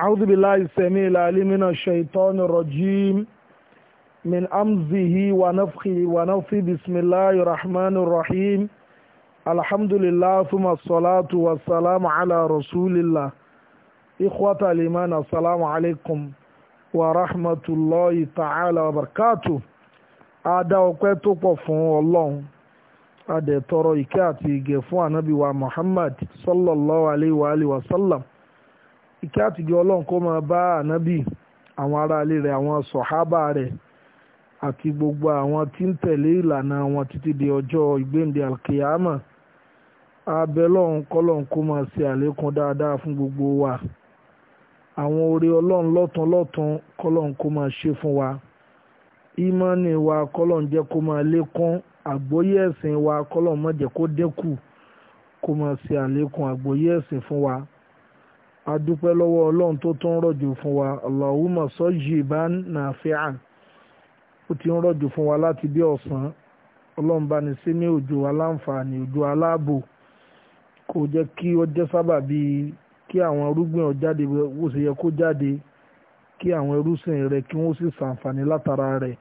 أعوذ بالله السميع العليم من الشيطان الرجيم من أمزه ونفخه ونفخه بسم الله الرحمن الرحيم الحمد لله ثم الصلاة والسلام على رسول الله إخوة الإيمان السلام عليكم ورحمة الله تعالى وبركاته ada ọpẹ́ tó الله fún ọlọ́run adẹ̀tọ̀rọ̀ ìkẹ́ àti ìgẹ̀ fún ànábì wa muhammad sallallahu ìkẹ́ àtìgẹ́ ọlọ́run kó máa bá ànábì àwọn aráalé rẹ̀ àwọn sọ̀hábà rẹ̀ àti gbogbo àwọn tí ń tẹ̀lé ìlànà wọn títí di ọjọ́ ìgbéǹde alkiyama abẹ́lọ́run kọ́lọ́run kó máa ṣe àlékún dáadáa fún gbogbo wa àwọn oore ọlọ́run lọ́tún lọ́tún kọ́lọ́run kó máa ṣe fún wa ìmọ̀ọ́nì wa kọ́lọ́run jẹ́ kó máa lékún àgbóyé ẹ̀sìn wa kọ́lọ́run má kó dínkù kó máa ṣe àlékún àgbóyé ẹ̀sìn fún wa. adúpẹ́ lọ́wọ́ ọlọ́run tó tún rọ̀jò fún wa Allahumma sayyiban nafi'an ó ti ń rọ̀jò fún wa láti bí ọ̀sán ọlọ́run bá ní sí ní òjò aláǹfààní òjò aláàbò kò jẹ́ kí ó jẹ́ sábà bíi kí àwọn irúgbìn ó jáde ṣe yẹ kó jáde kí àwọn irúsìn kí wọ́n sì ṣàǹfààní látara rẹ̀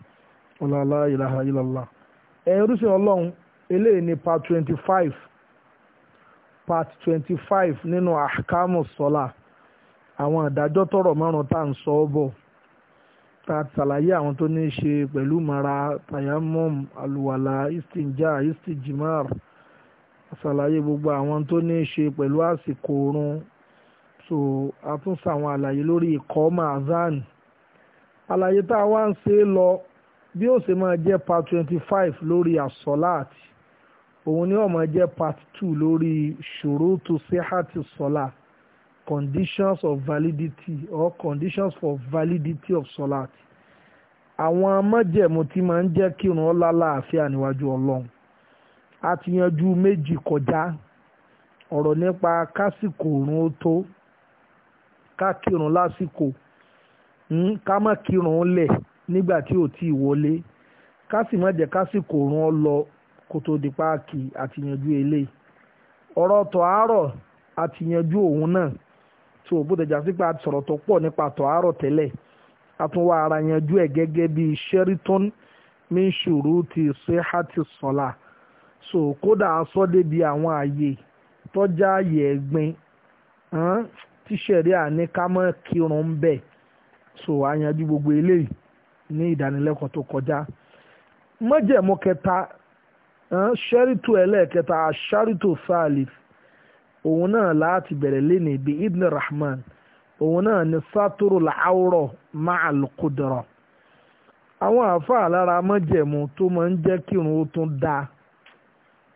ọlọ́lá part 25 five nínú ahkamu sọlá àwọn àdájọ́ tọrọ márùn tá à ń sọ ọ́ bọ̀ ta ṣàlàyé àwọn tó ní í ṣe pẹ̀lú mara tayamum aluwala istinja istijimar ṣàlàyé gbogbo àwọn tó ní í ṣe pẹ̀lú àsìkò oorun so a tún ṣàwọn àlàyé lórí ìkọ́mà azan àlàyé tá a wá ń ṣe lọ bí ó ṣe máa jẹ́ part 25 five lórí asọ́láàtì òun ni ó máa jẹ́ part two lórí ṣurutu hati salat conditions of validity or conditions for validity of salat àwọn májẹ̀mú ti máa ń jẹ́ kírun ó lálàáfíà níwájú ọlọ́run a ti yanjú méjì kọjá ọ̀rọ̀ nípa kásìkò òrùn ó tó ká kírun lásìkò hmm, ká má kírun lẹ̀ nígbà tí ò tí ì wọlé ká sì má jẹ́ kásìkò òrùn ó lọ kó tó di páàkì àti yanjú eléyìí ọ̀rọ̀ tọ̀ àárọ̀ àti yanjú òun náà tí ò gbọ́dọ̀ jásí pé a sọ̀rọ̀ tó pọ̀ nípa tọ̀ àárọ̀ tẹ́lẹ̀ a tún wá ara yanjú ẹ̀ gẹ́gẹ́ bí sheraton minshuru ti sehati sọ̀la so kódà sọ débi àwọn àyè tọ́já àyè ẹ̀gbin tíṣẹ̀rí àní ká mọ́ kírun bẹ́ẹ̀ so a yanjú gbogbo eléyìí ní ìdánilẹ́kọ̀ọ́ tó kọjá mọ́jẹ̀mú kẹta ṣẹ́rìtù ẹlẹ́ẹ̀kẹta ṣẹ́rìtù salif òun náà láti bẹ̀rẹ̀ lẹ́nìí bí ibn rahman òun náà ni sátúrò làárọ̀ máa lùkùdọ̀rọ̀ àwọn àáfàá lára mọ́jẹ̀mú tó máa ń jẹ́ kírun ó tún dáa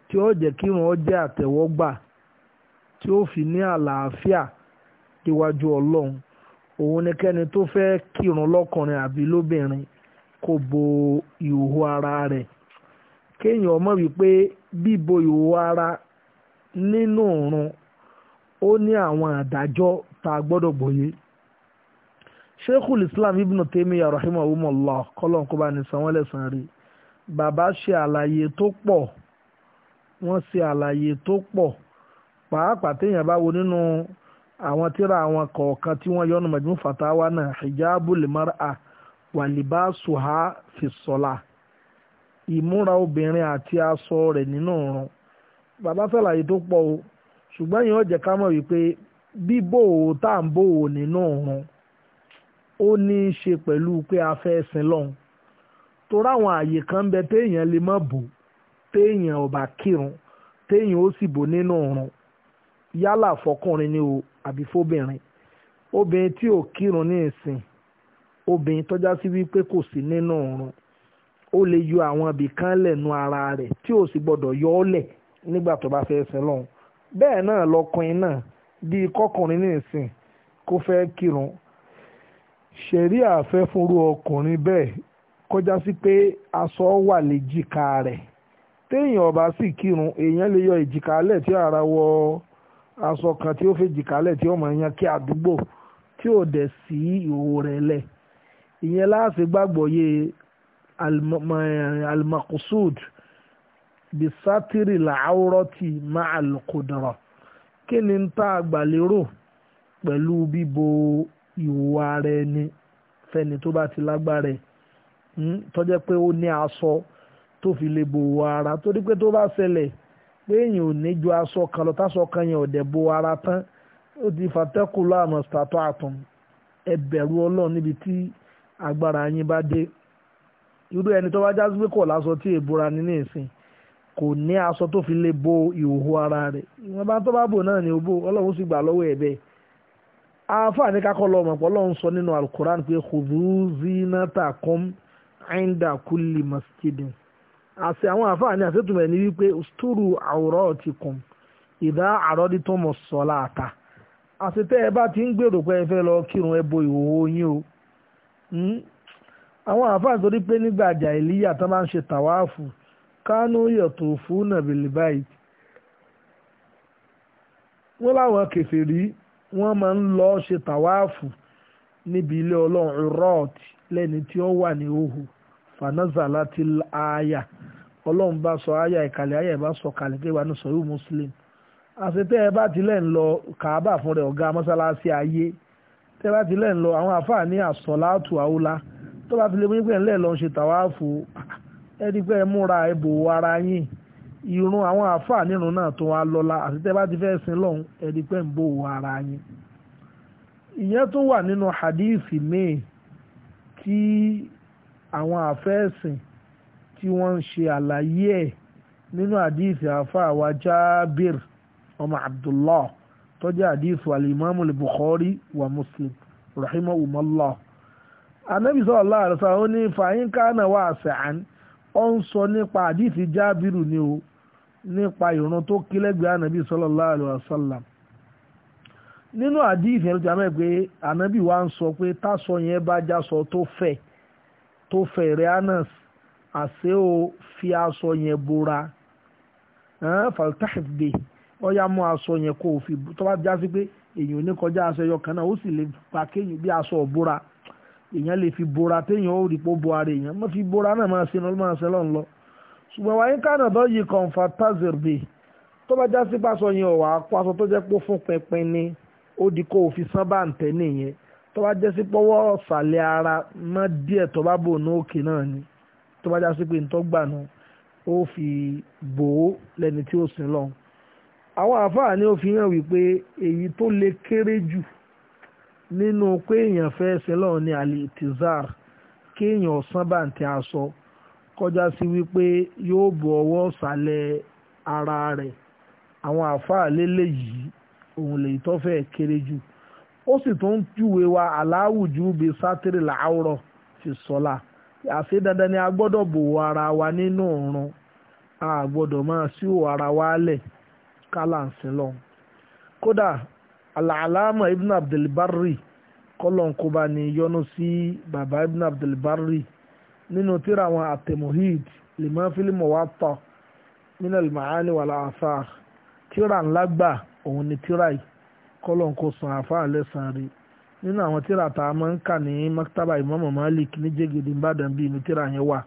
tí ó jẹ́ kírun ó jẹ́ àtẹ̀wọ́gbà tí ó fi ní àlàáfíà níwájú ọlọ́run òun ni kẹ́ni tó fẹ́ kírun lọ́kùnrin àbí lóbìnrin bo ara rẹ̀ kéèyàn mọ̀ wípé bíbo ìhòòhò ara nínú òrun ó ní àwọn àdájọ́ tá a gbọ́dọ̀ gbòye sheikhul islam ibn taymiya rahimahumullah kọ́lọ́n kó bá ní sanwó lẹ́sàn-án rí bàbá ṣe àlàyé tó pọ̀ wọ́n ṣe àlàyé tó pọ̀ pàápàá téèyàn bá wo nínú àwọn tíra àwọn kọ̀ọ̀kan tí wọ́n yọnu majmu fatawa náà hijabul mar'a wàlíbáṣuha fi sọ́la ìmúra obìnrin àti aṣọ rẹ̀ nínú ọ̀run bàbá sàlàyé tó pọ̀ o ṣùgbọ́n yìí ó jẹ́ ká mọ̀ wípé bí òwò tá à ń nínú ọ̀run ó ní í ṣe pẹ̀lú pé a fẹ́ sin lọ́hùn torí àwọn kan bẹ téèyàn lè bò téèyàn ọba kírun téèyàn ó sì bò nínú yálà o àbí fóbìnrin obìnrin tí ò kírun ní ìsìn obìnrin tọ́já sí wípé kò sí ó lè yọ àwọn ibì kan lẹ̀nu ara rẹ̀ tí ò sì gbọ́dọ̀ yọ ọ́ lẹ̀ nígbà tó bá fẹ́ sin lọ́hùn bẹ́ẹ̀ náà lọkùnrin náà di kọkùnrin ní ìsìn kó fẹ́ kírun ṣẹ̀ríà fẹ́ fúnrú ọkùnrin bẹ́ẹ̀ kọjá sí pé aṣọ wà léjìká rẹ̀ téèyàn ọba sì kírun èèyàn lè yọ ìjìká lẹ̀ tí ara wọ aṣọ kan tí ó fẹ́ jìká lẹ̀ tí ọmọ yẹn kí àdúgbò tí ò dẹ̀ sí ìhòòhò rẹ̀ lẹ̀ ìyẹn láàṣẹ gbàgbọ́ yé almakusud bisatiri làáwúrọ́tì máa lùkùdọ̀rọ̀ kí ni ń tá àgbàlérò pẹ̀lú bíbo ìwò ara ẹni fẹ́ni tó bá ti lágbára ẹ̀ hmm, tó jẹ́ pé ó ní aṣọ tó fi lè bo ìwò ara torí pé tó bá ṣẹlẹ̀ pé èèyàn ò ní ju aṣọ kan lọ táṣọ kan yẹn ò dẹ̀ bo ara tán ó ti fàtẹ́kù láàmú ṣàtọ́ àtún ẹ bẹ̀rù ọlọ́run níbi tí agbára yín bá dé irú ẹni tó bá jásí pé kò láṣọ tí èbúra ní ní ìsìn kò ní aṣọ tó fi lè bo ìhòhò ara rẹ̀ ìwọ̀n bá tó bá bò náà ní o bò ọlọ́run sì gbà lọ́wọ́ ẹ̀ bẹ́ẹ̀ àǹfààní kakọ́ lọ mọ̀ pé sọ nínú alukoran pé khudhu zinatakum inda kulli masjidin àti àwọn àǹfààní àṣetùmọ̀ ní wípé stúrù awratikum ìdá àròdítọ́mọ̀ sọ́lá àta àti tẹ́ ẹ bá ti ń gbèrò pé ẹ fẹ́ lọ kírun ẹ bo ìhòhò yín o hmm? àwọn àáfàá torí pé nígbà àjà ìlíyà tó máa ń ṣe tàwáàfù kánú yọ̀tò fún nàbìlì báyìí wọ́n láwọn kèfèrí wọ́n máa ń lọ ṣe tàwáàfù níbi ilé ọlọ́run rọ́ọ̀t lẹ́ni tí ó wà ní òhù fanazala ti aya ọlọ́run bá sọ aya ìkàlẹ̀ aya ìbá sọ kàlẹ̀ pé wà ní sọ̀rọ̀ muslim àṣetẹ́ ẹ bá tilẹ̀ ń lọ kàábà fún rẹ̀ ọ̀gá mọ́sálásí ayé tẹ́ bá tilẹ̀ ń lọ àwọn àfáà ní àsọ̀látù àwòlá tó bá fi lè wípé ńlẹ̀ lọ́n ṣe tàwáàfù ẹni pé ẹ múra ẹbò ara yín irun àwọn àáfàá nírun náà tó wá lọ́la àti tẹ́ bá ti fẹ́ sin lọ́hùn ẹni pé ń bò wọ ara yín ìyẹn tó wà nínú hadithi míì tí àwọn àfẹ́sìn tí wọ́n ń ṣe àlàyé ẹ̀ nínú hadithi àáfàá wa Jábìr ọmọ Abdullah tó jẹ́ hadithi alimami Bukhari wa Muslim rahimahumallah anabi sọ̀rọ̀ láàrin sọ̀rọ̀ ó ní fàyín kánà wà sàn ó ń sọ nípa àdìsí jábìrù ni o nípa ìrun tó kí lẹ́gbẹ̀ẹ́ anabi sallallahu alaihi wasallam nínú àdìsí yẹn ló ti àmọ́ ẹ̀ pé anabi wa ń sọ pé tásọ yẹn bá jásọ tó fẹ̀ tó fẹ̀ rẹ̀ anas àṣẹ ò fi aṣọ yẹn bora faltahif bẹ́ẹ̀ ọyá mú aṣọ yẹn kó o fi tó bá jásí pé èèyàn ò ní kọjá aṣọ ẹyọ kan náà ó sì lè pa kéèyàn bí aṣọ ọ̀búra èèyàn lè fi bora téèyàn ó rí pó bo ara èèyàn mo fi bora náà máa ṣe lọ́ọ́ máa ṣe lọ́ọ́ lọ. ṣùgbọ́n wáyé kánà tó yí kan fa tazerbe tó bá já sí pàṣọ yẹn ọ̀wà kó aṣọ tó jẹ́ pé fún pinpin ni ó di kó o fi sán bá ń tẹ́ nìyẹn tó bá jẹ́ sí pọ́wọ́ ọ̀sàlẹ̀ ara mọ́ díẹ̀ tó bá bò ní òkè náà ni tó bá já pé nítorí gbà náà ó fi bò ó lẹ́ni tí ó sin lọ. àwọn àfáà ni ó fi hàn wípé èyí tó le kéré jù nínú pé èèyàn fẹ́ ṣe lọ́wọ́ ní alitizar kéèyàn ọ̀sán bá ń tẹ aṣọ kọjá sí wípé yóò bu ọwọ́ ṣàlẹ̀ ara rẹ̀ àwọn àáfàá lélẹ̀ yìí òun lè tọ́ fẹ́ kéré jù ó sì tún júwe wa aláwùjú bíi sátírì làárọ̀ fi sọ́la àṣé dandan ni a gbọ́dọ̀ bò wọ ara wa nínú ọ̀run a gbọ́dọ̀ máa sí òwò ara wa lẹ̀ kálá ń sin lọ kódà alàlámà ibn abdulbarri kọlọ̀nkọba ni yọ́nú sí bàbá ibn abdulbarri nínú tíra àwọn àtẹ̀mọ̀hìd lèmọ́ fílímù wa tọ̀ nínú ìmọ̀hání wà láàfà tíra ńlá gbà òun ni tíra yìí kọlọ̀nkọ sàn àfà lẹ́sàn-án rí nínú àwọn tíra tá a máa ń kà ní maktaba imam malik ní jẹ́gẹ̀dẹ̀ ìbàdàn bíi ní tíra yẹn wà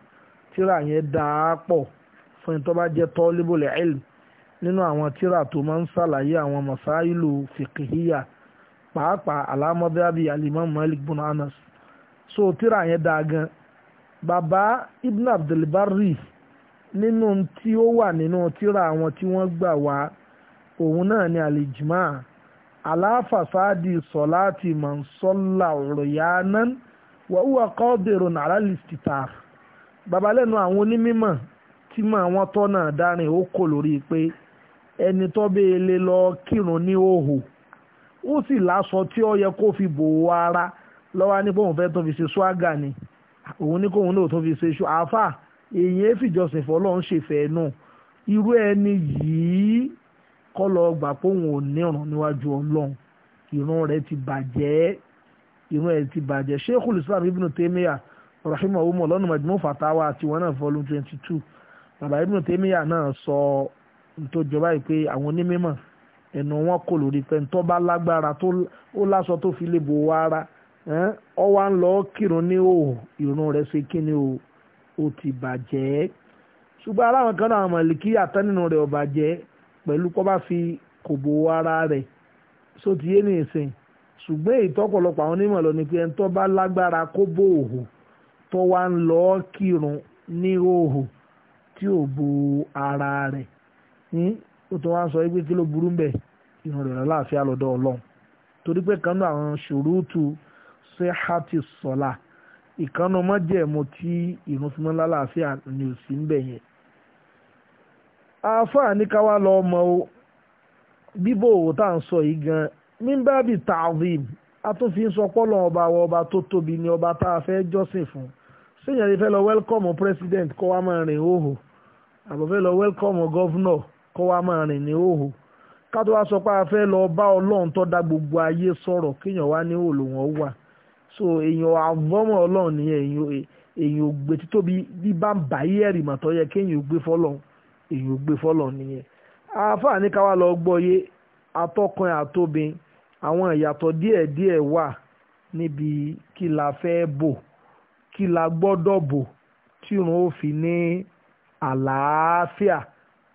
tíra yẹn dáa pọ̀ fún ẹni tó bá jẹ́ nínú àwọn tíra tó máa ń ṣàlàyé àwọn masáìlú fìkìhíyà pàápàá alámọ́dábì alimam malik bin anas so tíra yẹn dáa gan bàbá ibn abdulbari nínú tí ó wà nínú tíra àwọn tí wọ́n gbà wá òun náà ni alijima aláfàsáàdì sọláàtì mọ̀nsọ́là rọ̀yánán wàhùwà kọ́ọ̀dẹ̀rọ̀ nàrà lìsítà babalẹ́nu àwọn onímọ̀ tí mọ̀ àwọn tọ́ náà dárin ó kò lórí pé ẹni tó bẹ́ẹ̀ lè lọ kírun ní òhò ó sì láṣọ tí ó yẹ kó fi bò ó ara lọ́wọ́ ní pé òun fẹ́ tó fi ṣe ṣúágà ni òun ní kóun náà tó fi ṣe ṣú àáfà èyàn fìjọsìn fọlọ́run ṣèfẹ́ náà irú ẹni yìí kọ́ lọ gbà pé òun ò nírun níwájú ọlọ́run ìrun rẹ̀ ti bàjẹ́ ìrun ẹ̀ ti bàjẹ́ Sheikhul Islam Ibn Taymiyyah rahimahu Allah lọ́nà Majmu' Fatawa àti wọn náà volume twenty two bàbá Ibn Taymiyyah náà sọ tó jọba yìí pé àwọn onímọ̀ ẹnu wọn kò lórí pé ntọ́ bá lágbára tó ó láṣọ tó fi lè bò wá ara ọ wá ń lọ kírun ní òhò ìrun rẹ̀ ṣe kí ni o ó ti bàjẹ́ ṣùgbọ́n aláwọn kan náà mọ̀lìkí àtẹnínú rẹ̀ ò bàjẹ́ pẹ̀lú kọ́ bá fi kò bò wá ara rẹ̀ sótìyé ní ìsìn ṣùgbọ́n èyí tọ́pọ̀lọpọ̀ àwọn onímọ̀ lọ ni pé ẹni bá lágbára kó bó òhò tó wá ń lọ kírun ní òhò tí ò bo ara rẹ̀ ó tún wá sọ wípé kí ló burú mbẹ irun rẹ̀ lálàáfíà lọ́dọ̀ ọlọ́run torí pé kanú àwọn ṣòrútù sehati sọlá ìkanú mọ́jẹ̀mú tí irun fi mọ́ lálàáfíà ni ò sí mbẹ yẹn. àáfàá ní ká wá lọ ọmọ o bíbò òwò tá à ń sọ yìí gan mímbàbí ta'zim a tún fi ń sọ pọ́lọ́ ọba wa ọba tó tóbi ni ọba tá a fẹ́ jọ́sìn fún sèyàn lè fẹ́ lọ wẹ́lkọ̀mù president kó wá máa rìn hóhò àbọ̀fẹ́ lọ wẹ́lkọ̀mù gọ́vnọ̀ kó wá máa rìn ní òhò ká tó wá sọ pé a fẹ́ lọ bá ọlọ́run tó dá gbogbo ayé sọ̀rọ̀ kéèyàn wá ní òòlù wọn wà so èèyàn àvọ́mọ̀ ọlọ́run ni èèyàn ò gbé bí bá ń bá yé màtọ́ yẹ kéèyàn ò gbé fọ́lọ́run èèyàn ò gbé nìyẹn àáfàá ní lọ gbọ́ yé àwọn ìyàtọ̀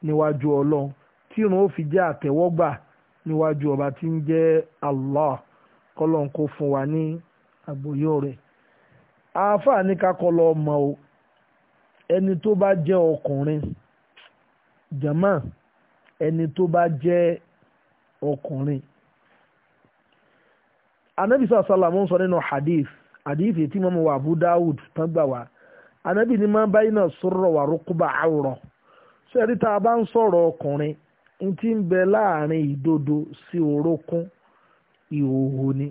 níwájú ọlọ́run tírun ó fi jẹ́ àtẹ̀wọ́gbà níwájú ọba tí ń jẹ́ Allah kọ́lọ́n kó fún wa ní àgbòyó rẹ̀ àáfàá ní kakọlọ ọmọ o ẹni tó bá jẹ́ ọkùnrin jàmá ẹni tó bá jẹ́ ọkùnrin anabi sọ asalamu sọ nínú hadith hadith tí mọ́mọ́ wa Abu Dawud tán gbà wá anabi ní máa báyìí náà sọ̀rọ̀ wà rúkúbà àwòrán ṣẹ́rí tá a bá ń sọ̀rọ̀ ọkùnrin n ti ń bẹ láàrin ìdodo sí orókún ìhòòhò ni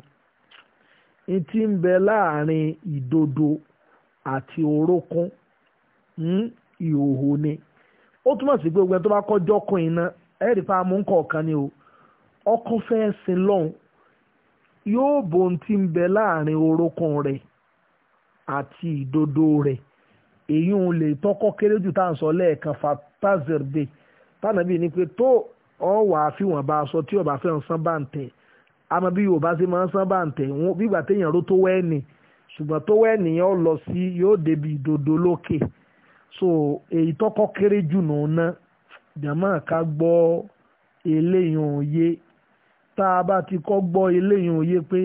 n ti ń bẹ láàrin ìdodo àti orókún hmm, ni ó túmọ̀ sí pé ogun tó bá kọjọ́ kun iná ẹ̀rí pa mú kọ̀ọ̀kan ni o ọkùn fẹ́ sin lọ́hùn yóò bo n ti ń bẹ láàrin orókún rẹ̀ àti ìdodo rẹ̀ èyí lè tọ́kọ́ kéré jù tazir de tànàbí ni pé tó ọ wà á fi wọn bá aṣọ tí ọba fẹ́ ń san bá ń tẹ̀ àmọ́ bí yorùbá ṣe máa ń san bá ń tẹ̀ bígbà téèyàn ró tó wẹ́ẹ̀nì ṣùgbọ́n tó wẹ́ẹ̀nì yẹn ó lọ sí yóò débi ìdodo lókè so èyí tọ́kọ́ kéré jù nù ná jàmáà ká gbọ́ eléyìí òye tá a bá ti kọ́ gbọ́ eléyìí òye pé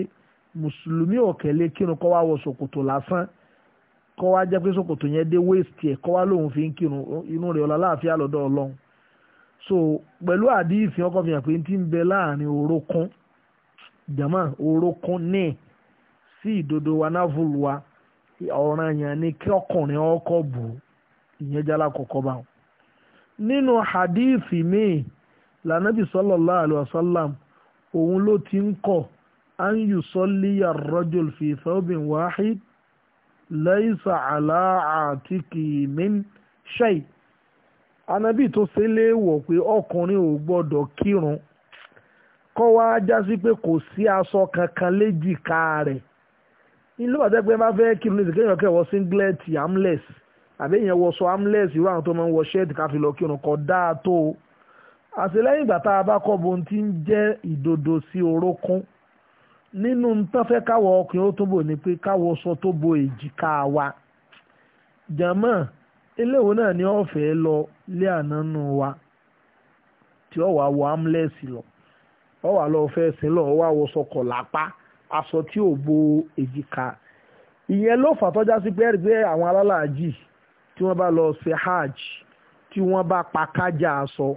mùsùlùmí ọ̀kẹ́lẹ́ kírun kọ́ wá wọ ṣòkòtò lásán kọ́ wá jẹ́ pé ṣòkòtò yẹn dé waist ẹ̀ kọ́ wá lòun fi ń kírun inú rẹ̀ ọ̀la láàfin àlọ́dọ̀ ọlọ́run so pẹ̀lú àdíìsì ọkọ̀ fi hàn pé ti ń bẹ láàrin orókún jama orókún ní sí ìdodo wa náfùlù wa ọ̀ràn yẹn ni kí ọkùnrin ọkọ̀ bù ìyẹn jálá kọ̀ọ̀kọ̀ bá wọn. nínú àdíìsì míì lànàbì sallallahu alaihi wasallam òun ló ti ń kọ̀ an yusolli ar-rajul fi thawbin wahid laisa ala atiki min shay anabi tó ṣe léèwọ̀ pé ọkùnrin ò gbọ́dọ̀ kírun kọ́ wá jásí pé kò sí aṣọ kankan léjìká rẹ̀ nílò bàtẹ́ pé bá fẹ́ kírun nísìnyí kéèyàn kẹ́wọ́ singlet amless àbí èèyàn wọṣọ amless irú àwọn tó máa ń wọ ṣẹ́ẹ̀tì káfí lọ kírun kọ́ dáa tó o àṣelẹ́yìn ìgbà tá a bá kọ́ bo ohun tí ń jẹ́ ìdodo sí orókún. Si nínú tán fẹ́ káwọ ọkùnrin ó tó bò pé káwọ sọ tó bo èjìká wa jàmọ́ eléwo náà ni ọ̀fẹ́ lọ lé àná nù wa tí ọ̀wà wọ amúlẹ́sì lọ ọ̀wà lọ fẹ́ sin lọ ọ̀wà wọ sọkọ̀ lápá aṣọ tí ò bo èjìká ìyẹn ló fà tọ́já sí pé ẹ̀rí pé àwọn alálàájì tí wọ́n bá lọ ṣe hajj tí wọ́n bá pa kájà aṣọ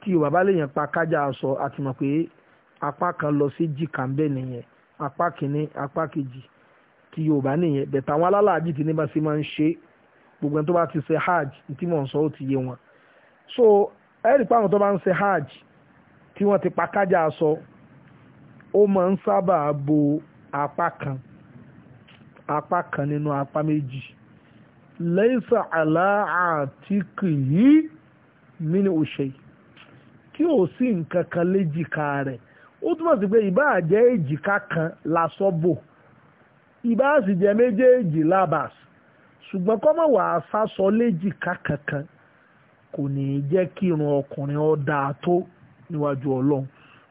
tí bàbá lè yàn pa kájà aṣọ àti mọ̀ pé apá kan lọ sí jìkà ńbẹ nìyẹn apá kìíní apá kejì ti yorùbá nìyẹn bẹ̀tẹ̀ àwọn alálàájì tí ní bá sì máa ń ṣe gbogbo ẹni tó bá ti ṣe hajj tí mò ń sọ ó ti yé wọn so ẹ̀rí pàwọn tó bá ń ṣe hajj tí wọ́n ti pa kájà aṣọ ó máa ń sábà bo apá kan apá kan nínú apá méjì lẹ́yìnsà aláàtìkì yìí mí ni òṣèyí tí ò sí nǹkan kan léjìká rẹ̀ ó túmọ̀ sí pé ìbá àjẹ́ èjìká kan lásọ bò ìbá sì jẹ́ méjèèjì labas ṣùgbọ́n kọ́mọ̀ wà á sásọ léjìká kankan kò ní í jẹ́ kí irun ọkùnrin ó dáa tó níwájú ọlọ́run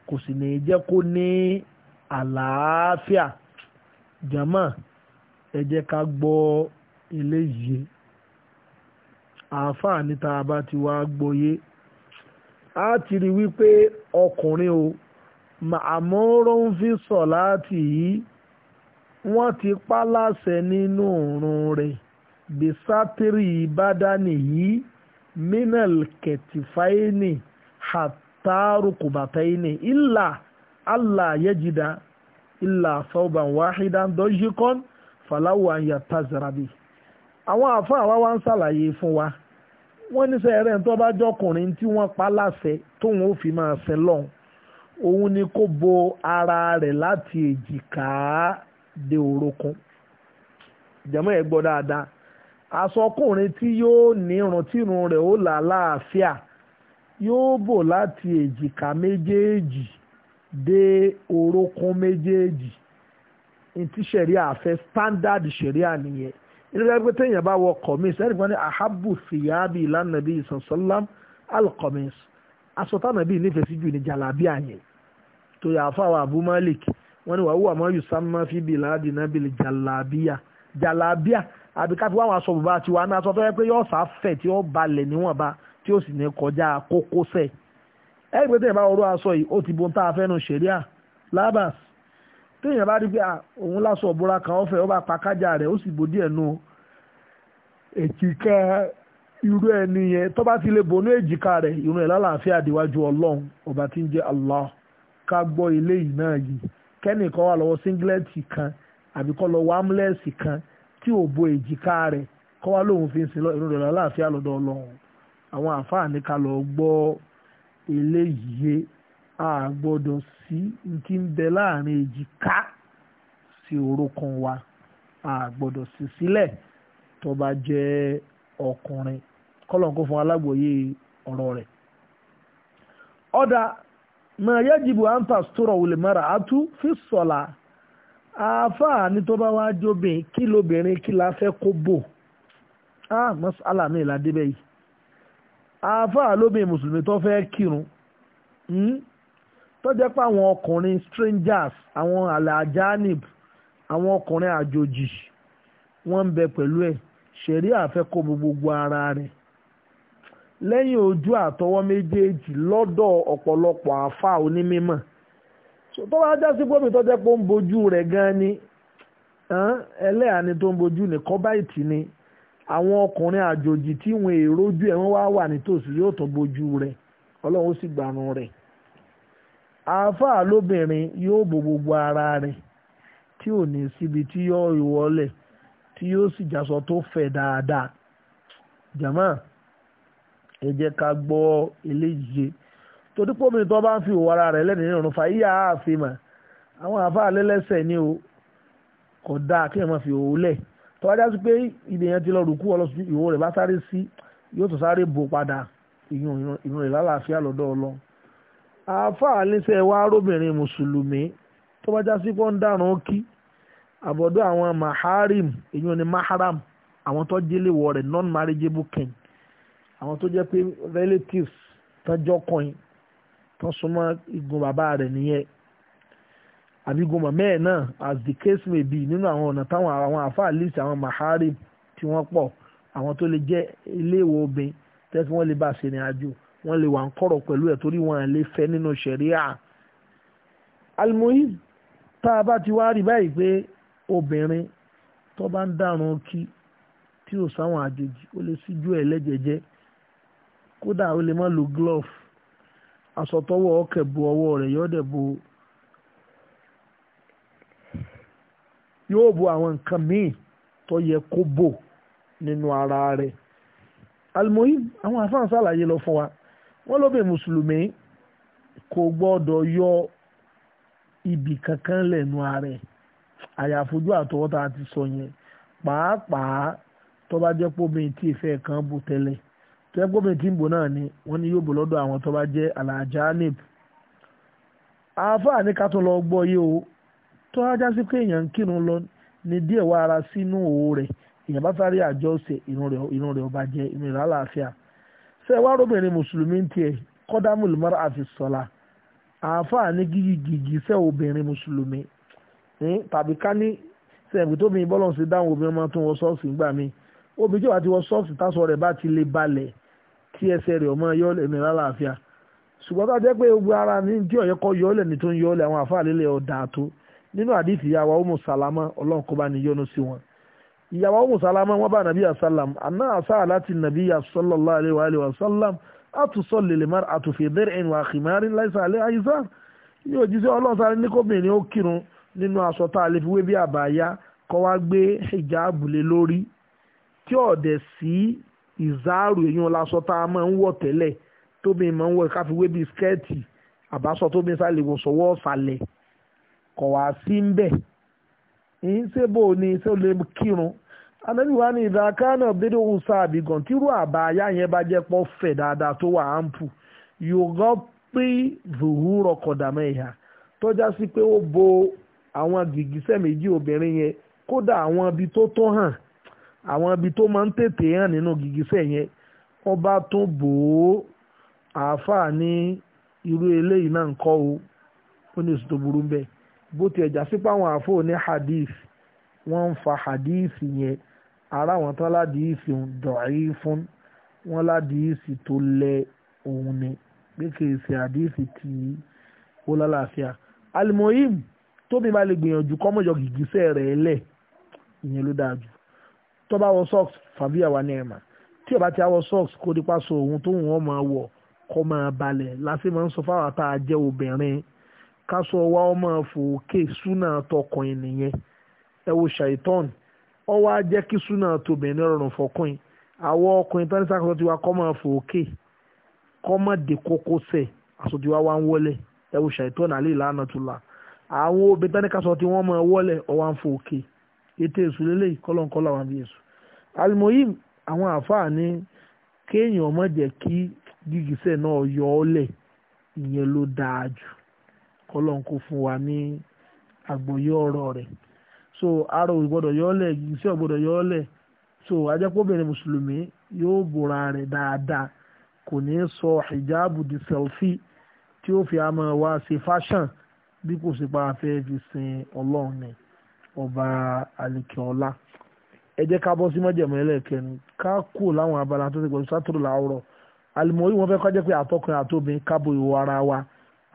kò sì ní í jẹ́ kó ní àlàáfíà jàmá ẹ jẹ́ ká gbọ́ eléyìí àáfàá níta bá ti wá gbọ́yé á ti ri wípé ọkùnrin o. màmúrò ń fi sọ̀ láti yìí wọ́n ti pa láṣẹ nínú òórùn rẹ̀ bisátírì ìbádání yìí minal kẹtìfáìní hàtàrùkùbàtàìní ìlà aláyẹjìdá ìlà sọ́ọ̀bà wáhídá dọ́jíkọ́n fàláwù àyà tazarabi. àwọn àfáà wa wá ń ṣàlàyé fún wa wọ́n ní sẹ́yẹrẹ́ tó bá jọkùnrin tí wọ́n pa láṣẹ tóun ó fi máa ṣe òun ni kó bo ara rẹ̀ láti èjìká dé orókún jẹ̀mọ́ ẹ̀ gbọ́ dáadáa asọkùnrin tí yóò ní irun tí irun rẹ̀ ó là láàfíà yóò bò láti èjìká méjèèjì dé orókún méjèèjì ntí sẹ̀ríà fẹ́ standard sẹ̀ríà nìyẹn nígbà pé téèyàn bá wọ kọ̀mís ẹnì kan ní ahabu siyabi ìlànà bíi sọ̀sọ́lám alkọ̀mís asọ̀tàn nàbí nífẹ̀ẹ́ sí jù ní jàlábíà yẹn tó yà fáwọn Abu Malik wọ́n ní wàá wù àmọ́ yusamma fi biladina bil jalabiya jalabiya àbí ká fi wá àwọn aṣọ bùbá tiwa náà aṣọ tó yẹ pé yóò sáfẹ̀ tí yóò balẹ̀ níwọ̀nba tí yóò sì ní kọjá kókósẹ̀ ẹ̀ pé tẹ̀yìn bá wọ́n aṣọ yìí ó ti bo tá a fẹ́nu ṣẹ̀ríà lábàs téèyàn bá rí pé òun lásọ ọ̀bọ̀ra kan ọ̀fẹ́ ó bá pa kájà rẹ̀ ó sì bò díẹ̀ nu èjìká irú ẹni yẹn tó ti lè bò ní èjìká rẹ̀ irun ẹ̀ lálàáfíà díwájú ọlọ́run ọba tí ń jẹ́ Allah ká gbọ́ eléyìí náà yìí kẹ́nìkan wà lọ́wọ́ singlet kan àbí kọ́ lọ́wọ́ amúlẹ́sì kan tí ò bo èjìká rẹ̀ kọ́ wá lóun fi ń sin irun rẹ̀ láàfin àlọ́dọ̀ ọlọ́run àwọn àáfàá ní ká lọ gbọ́ eléyìí a gbọ́dọ̀ sí ti ń bẹ láàrin èjìká sí orúkún wa a gbọ́dọ̀ sí sílẹ̀ tó bá jẹ́ ọkùnrin kọ́lọ̀ kó fún alágbòye ọ̀rọ̀ rẹ̀ ọ̀dà ma yajibu an tastura al-mar'atu fi s afa àáfàá ní tó bá wá jóbìn kí lóbìnrin kí la fẹ́ kó bò á mas'ala mi ìlà débẹ̀ yìí àáfàá lóbìnrin mùsùlùmí tó fẹ́ kírun hmm? tó jẹ́ pé àwọn ọkùnrin strangers àwọn alajanib àwọn ọkùnrin àjòjì wọ́n ń bẹ pẹ̀lú sheria ṣẹ̀rí àfẹ́kọ́ gbogbo ara rẹ̀ lẹ́yìn ojú àtọwọ́ méjèèjì lọ́dọ̀ ọ̀pọ̀lọpọ̀ àfa onímọ̀ tó bá já sí gómìnà tó jẹ́ pé ó ń bojú rẹ̀ gan-an ni ẹlẹ́àní tó ń bojú ní kọ́báìtì ni àwọn ọkùnrin àjòjì tí wọn èrò ojú ẹ̀ wọ́n wá wà nítòsí yóò tó bojú rẹ̀ ọlọ́run ó sì gbànú rẹ̀ àáfàá lóbìnrin yóò bo gbogbo ara rẹ̀ tí ò ní síbi tí yóò wọlé tí yóò sì jásọ tó fẹ̀ dáadáa jàmáà ẹ jẹ́ ká gbọ́ eléyìí torí pé obìnrin tó bá ń fi òwò ara rẹ̀ lẹ́nu ìrùn fa yíyá ààfin mà àwọn àáfàá lẹ́lẹ́sẹ̀ ni o kò dáa kí ẹ máa fi òwò lẹ̀ tó wájá sí pé ìdèyàn ti lọ rùkú ọlọ́sùn ìwò rẹ̀ bá sáré sí yóò tún sáré bò padà ìrùn rẹ̀ lálàáfíà lọ́dọ̀ ọlọ́run àáfàá níṣẹ́ wá róbìnrin mùsùlùmí tó wájá sí pé ó ń dàrún ó kí àbọ̀dọ̀ àwọn maharim èyí ò maharam àwọn tó jẹ́lẹ̀wọ̀ rẹ̀ non-marriageable king àwọn tó jẹ́ pé relatives tọ́jọ́ kọyìn tó súnmọ́ igun bàbá rẹ̀ nìyẹn àbí igun màmá ẹ̀ náà as the case may be nínú àwọn ọ̀nà táwọn àwọn àfa list àwọn mahari tí wọ́n pọ̀ àwọn tó lè jẹ́ iléèwé obìnrin tẹ́sí wọ́n lè bá a ṣe ní àjò wọ́n lè wà ń kọ̀rọ̀ pẹ̀lú ẹ̀ torí wọ́n lè fẹ́ nínú ṣẹ̀ríà almuhim tá a bá ti wá rí báyìí pé obìnrin tó bá ń dàrún kí tí ò sáwọn àjèjì ó lè síjú ẹ̀ lẹ́jẹ̀jẹ́ kódà o lè má lo glove aṣọ tọwọ́ bu bo ọwọ́ rẹ̀ yóò dẹ̀ bo yóò bo àwọn nǹkan míì tó yẹ kó bò nínú ara rẹ̀ alimoyim àwọn afáàn ṣàlàyé lọ fún wa wọ́n lóbìn mùsùlùmí kò gbọ́dọ̀ yọ ibì kankan lẹ́nu ara àyàfojú àtọwọ́ta àti sọ yẹn pàápàá tó bá jẹ́ pé obìnrin tí ìfẹ́ kan bò tẹ́lẹ̀ tẹ́gbọ́mì tí ń bò náà ni wọ́n ní yóò bò lọ́dọ̀ àwọn tó bá jẹ́ alajanib àáfàá ní ká tún lọ gbọ́ yé o tó ajá sí pé èèyàn ń kírun lọ ní díẹ̀ wá ara sínú òwò rẹ̀ èèyàn bá sáré àjọ ṣe irun rẹ̀ ọba jẹ irun rẹ̀ aláàfíà ṣe wá róbìnrin mùsùlùmí ń tiẹ̀ kọ́dámù lùmọ́rà àfi sọ́la àáfàá ní gígìgìgì ṣe obìnrin mùsùlùmí tàbí ká ní sẹ́ẹ̀mù tóbi bọ́lọ̀ sí dáhùn obìnrin máa tún wọ ṣọ́ọ̀ṣì ńgbà mi obìnrin tí wàá ti wọ ṣọ́ọ̀ṣì tásọ rẹ̀ bá ti lè balẹ̀ kí ẹsẹ̀ rẹ̀ ọmọ yọ́lẹ̀ ní lálàáfíà ṣùgbọ́n tó jẹ́ pé gbogbo ara ní tí ọ̀yẹ́ kọ́ yọ́lẹ̀ ní tó ń yọ́lẹ̀ àwọn àfáàlélẹ̀ ọ̀dà tó nínú àdìsí ìyàwó ọmọ sàlámà ọlọ́run kó bá ní yọ́nú sí wọn ìyàwó ọmọ sàlámà wọn bá nàbí àsálàm àná àṣà láti nàbí sallallahu alaihi wa sallam àtúnṣọ mar àtúnfẹ́ bẹ́rẹ̀ ẹ̀yìn wà kìmárì láìsà alẹ́ àyíṣà ní òjíṣẹ́ ọlọ́run sáré ní kóbìnrin ó kírun nínú aṣọ tá a lè gbé hijabu lé lórí tí ọ̀dẹ̀ sí ìzáàrò èyàn lásọ tá a máa ń wọ̀ tẹ́lẹ̀ tóbi máa ń wọ̀ káfíwé bíi skẹ́ẹ̀tì àbáṣọ tóbi sálẹ̀ wọ̀ sọ́wọ́ ọ̀sàlẹ̀ kọ̀ wá sí ń bẹ̀ ń ṣe bò ní ṣé o lè kírun anábì wa ní ìdákánà bídò ń sa àbígàn tírú àbá ayá yẹn bá jẹ́ pọ́ fẹ̀ dáadáa tó wà áǹpù yòógọ́ pé zòwúrọ̀ kọ̀dàmẹ́ ìhà tó sí pé ó bo àwọn gìgísẹ̀ méjì obìnrin yẹn kódà àwọn ibi tó tó hàn àwọn ibi tó máa ń tètè hàn nínú gìgísẹ̀ yẹn wọ́n bá tún bò ó àáfàá ní irú eléyìí náà ń kọ́ o ó ní oṣù tó burú ń bẹ̀ bó ti ẹ̀já sí páwọn àáfò ní hadith wọ́n ń fa hadith yẹn ara wọn tán ládìísì ń dọ̀rí fún wọn ládìísì tó lẹ òun ni pé kìí ṣe hadisi tí ó lálàáfíà alimoyim tóbi bá lè gbìyànjú kọ́mọ̀jọ gìgísẹ̀ rẹ̀ lẹ̀ ìyẹn ló dáa jù tó bá wọ socks fàbíyà wà ní ẹ̀mà tí ó bá ti awọ socks kó nípa so ohun tó wọ́n máa wọ̀ kọ́ máa balẹ̀ láti máa ń sọ fáwọn tá a jẹ́ obìnrin káṣọ wa ọ máa fòókè súnà tọkàn ènìyàn ẹ wo ṣàìtọ́n ọ wá jẹ́ kí súnà tobìnrin rọrùn fọkùnrin àwọ ọkùnrin tán ní sàkóso tiwa kọ́ máa fòókè kọ́ máa dé kókósẹ̀ àṣọ tiwa wá ń wọlé ẹ wo ṣàìtọ́n àlè ìlànà tó la àwọn obìnrin tán ní káṣọ tí wọ́n máa wọlé ọ wá ń fòókè ètò èṣù lélẹ́yìí alimoyim àwọn àáfàá ní kéèyàn má jẹ́ kí gìgísẹ̀ náà yọ ọ́ lẹ̀ ìyẹn ló dáa jù kọ́lọ́n kó fún wa ní àgbọ́yé ọ̀rọ̀ rẹ̀ so arọ ìgbọ́dọ̀ yọ ọ́ lẹ̀ gìgísẹ̀ ọ̀gbọ́dọ̀ yọ ọ́ so ajẹ́pọ̀bìnrin mùsùlùmí yóò dáadáa kò ní sọ hijabu di selfie tí ó fi àmọ́ wa ṣe fashion bí kò sì pa afẹ́ ni ọba àlìkẹ́ ẹ jẹ́ ká bọ́ sí mọ́jẹ̀mọ́ ẹlẹ́ẹ̀kẹrin ká kú láwọn abala tó ti pẹ̀lú sátúrò láwùrọ̀ àlùmọ́rí wọn fẹ́ kọ́ jẹ́ pé àtọkùnrin àtobìnrin kábo ìwọ ara wa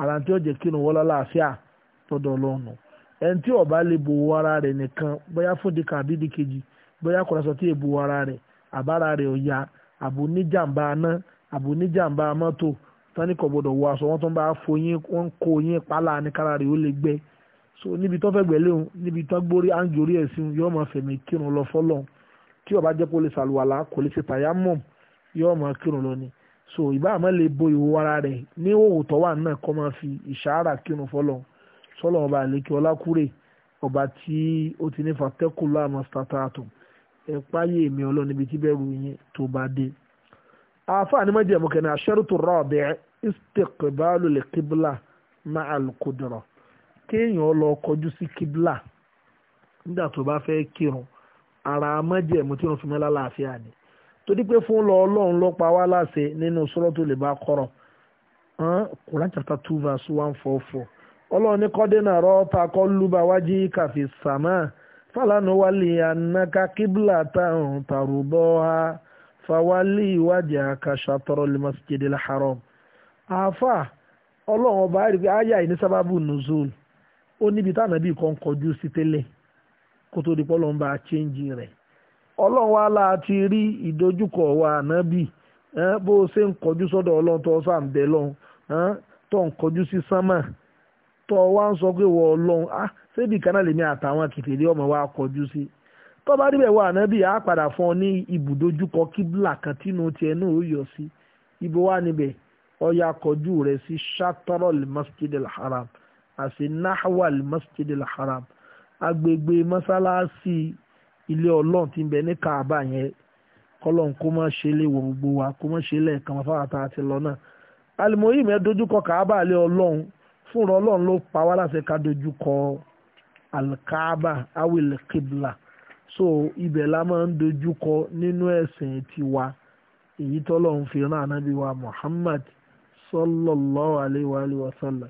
ara tí ó jẹ́ kírun wọ́lá láàfíà tọ́dọ̀ lọ́nà ẹni tí ọba lè bo owó ara rẹ̀ nìkan bóyá fúndi kan àbí di kejì bóyá kọ́nàṣọ tí èbo ara rẹ̀ àbára rẹ̀ ọ̀ya àbò níjàmbá aná àbò níjàmbá mọ́tò tani kò gbọdọ̀ wọ aṣọ wọn tó ń bá fọyín wọn kó yín pálá ní kára rẹ̀ ó lè gbẹ́ so níbi tó fẹ́ gbẹ̀lé òun níbi tó gbórí áńgì orí ẹ̀ sí òun yóò máa fẹ̀mí kírun lọ fọ́lọ́n tí ó bá jẹ́ kó lè ṣàlùwàlá kò lè ṣe tàyámọ̀m yóò máa kírun lọ ni so ìbá àmọ́ lè bo ìwò ara rẹ̀ ní òwò tó wà náà kó máa fi ìṣàárà kírun fọ́lọ́n sọ́lọ́ ọba àlékè ọlákúrè ọba tí ó ti ní fatẹ́kùlá mọ́sítátàtù ẹ páyé èmi ọlọ́run níbi tí bẹ́ẹ̀ yín tó bá dé. àáfàá ni mọ́jẹ̀mú kéèyàn lọ kọjú sí kibla nígbà tó bá fẹ́ kírun ara mọ́jẹ̀mú tí wọ́n fi mọ́ ni torí pé fún lọ ọlọ́run ló pa wá láṣẹ nínú Suratul Baqara Quran chapter two verse one four four ọlọ́run ní rọ́ ta kọ́ lùbà wájú kàfi sàmà fàlànà wálé ó níbi tánàbí kan kọjú sí tẹ́lẹ̀ kó tó di pọ́lọ́ ń bá a rẹ̀ ọlọ́run wa la ti rí ìdojúkọ wa ànábì bó o ṣe ń kọjú sọ́dọ̀ ọlọ́run tó sàn bẹ́ lọ́hùn tó ń kọjú sí sánmà tó wá wa kọjú sí tó bá rí padà fún ọ ní ibùdojúkọ kíbla kan tínú tiẹ̀ náà ó yọ sí ibo wà níbẹ̀ ọya kọjú rẹ̀ sí shatarol masjid àti nahwal masjid al-haram agbègbè mọ́sálásí ilé ọlọ́run ti ń bẹ ní kaaba yẹn kọ́lọ́n kó má ṣe lè wọ gbogbo wa kó má ṣe lẹ́ẹ̀kan wọn fáwọn àtàwọn àti lọ náà alimoyi mẹ́ dojúkọ kaaba ilé ọlọ́run fúnra ọlọ́run ló pa wá láṣẹ ká dojúkọ alkaaba awil kibla so ibẹ̀ la máa ń dojúkọ nínú ẹ̀sìn tiwa èyí tọ́lọ́run fi rán ànábì wa muhammad sallallahu alayhi wa sallam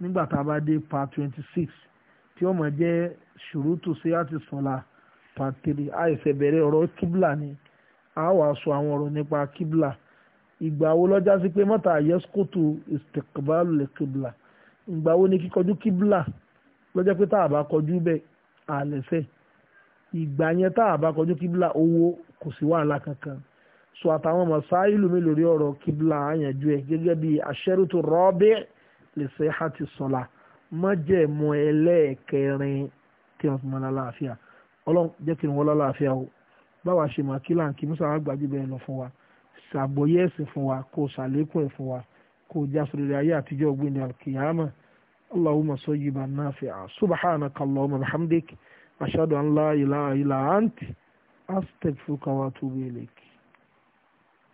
nígbà tá a bá dé part twenty six tí ó máa jẹ́ ṣùrùtù sí àti sọ̀la part three àìsè bẹ̀rẹ̀ ọ̀rọ̀ kíbla ni a wàá sọ àwọn ọ̀rọ̀ nípa kíbla ìgbà wo lọ́jà sí pé mọ́tà yẹ́sùkòtò ìsìtẹ̀kọ̀bálù lè kíbla ìgbà wo ni kíkọjú kíbla lọ́jọ́ pé tá a bá kọjú bẹ́ẹ̀ àlẹ́sẹ̀ ìgbà yẹn tá a bá kọjú kíbla owó kò sí wàhálà kankan so àtàwọn mọ̀sáìlú mi lórí ọ̀rọ̀ kíbla àyànjú ẹ̀ gẹ́gẹ́ bíi aṣẹ́rùtù rọ́bẹ́ẹ̀ lè ṣe àti sọ̀la májẹ̀mú ẹlẹ́ẹ̀kẹrin tí wọ́n fi mọ́ lálàáfíà ọlọ́run jẹ́ kí n wọ́n lálàáfíà o báwa ṣe mọ̀ kí láǹkì musa wà gbàjú bẹ́ẹ̀ lọ fún wa ṣàgbọ́yé ẹ̀sìn fún wa kó ṣàlékún ẹ̀ fún wa kó jásòrò ayé àtijọ́ ọ̀gbìn alkiyama allahumma sayyiban nafi'a subhanaka allahumma bihamdik ashhadu an la ilaha illa ant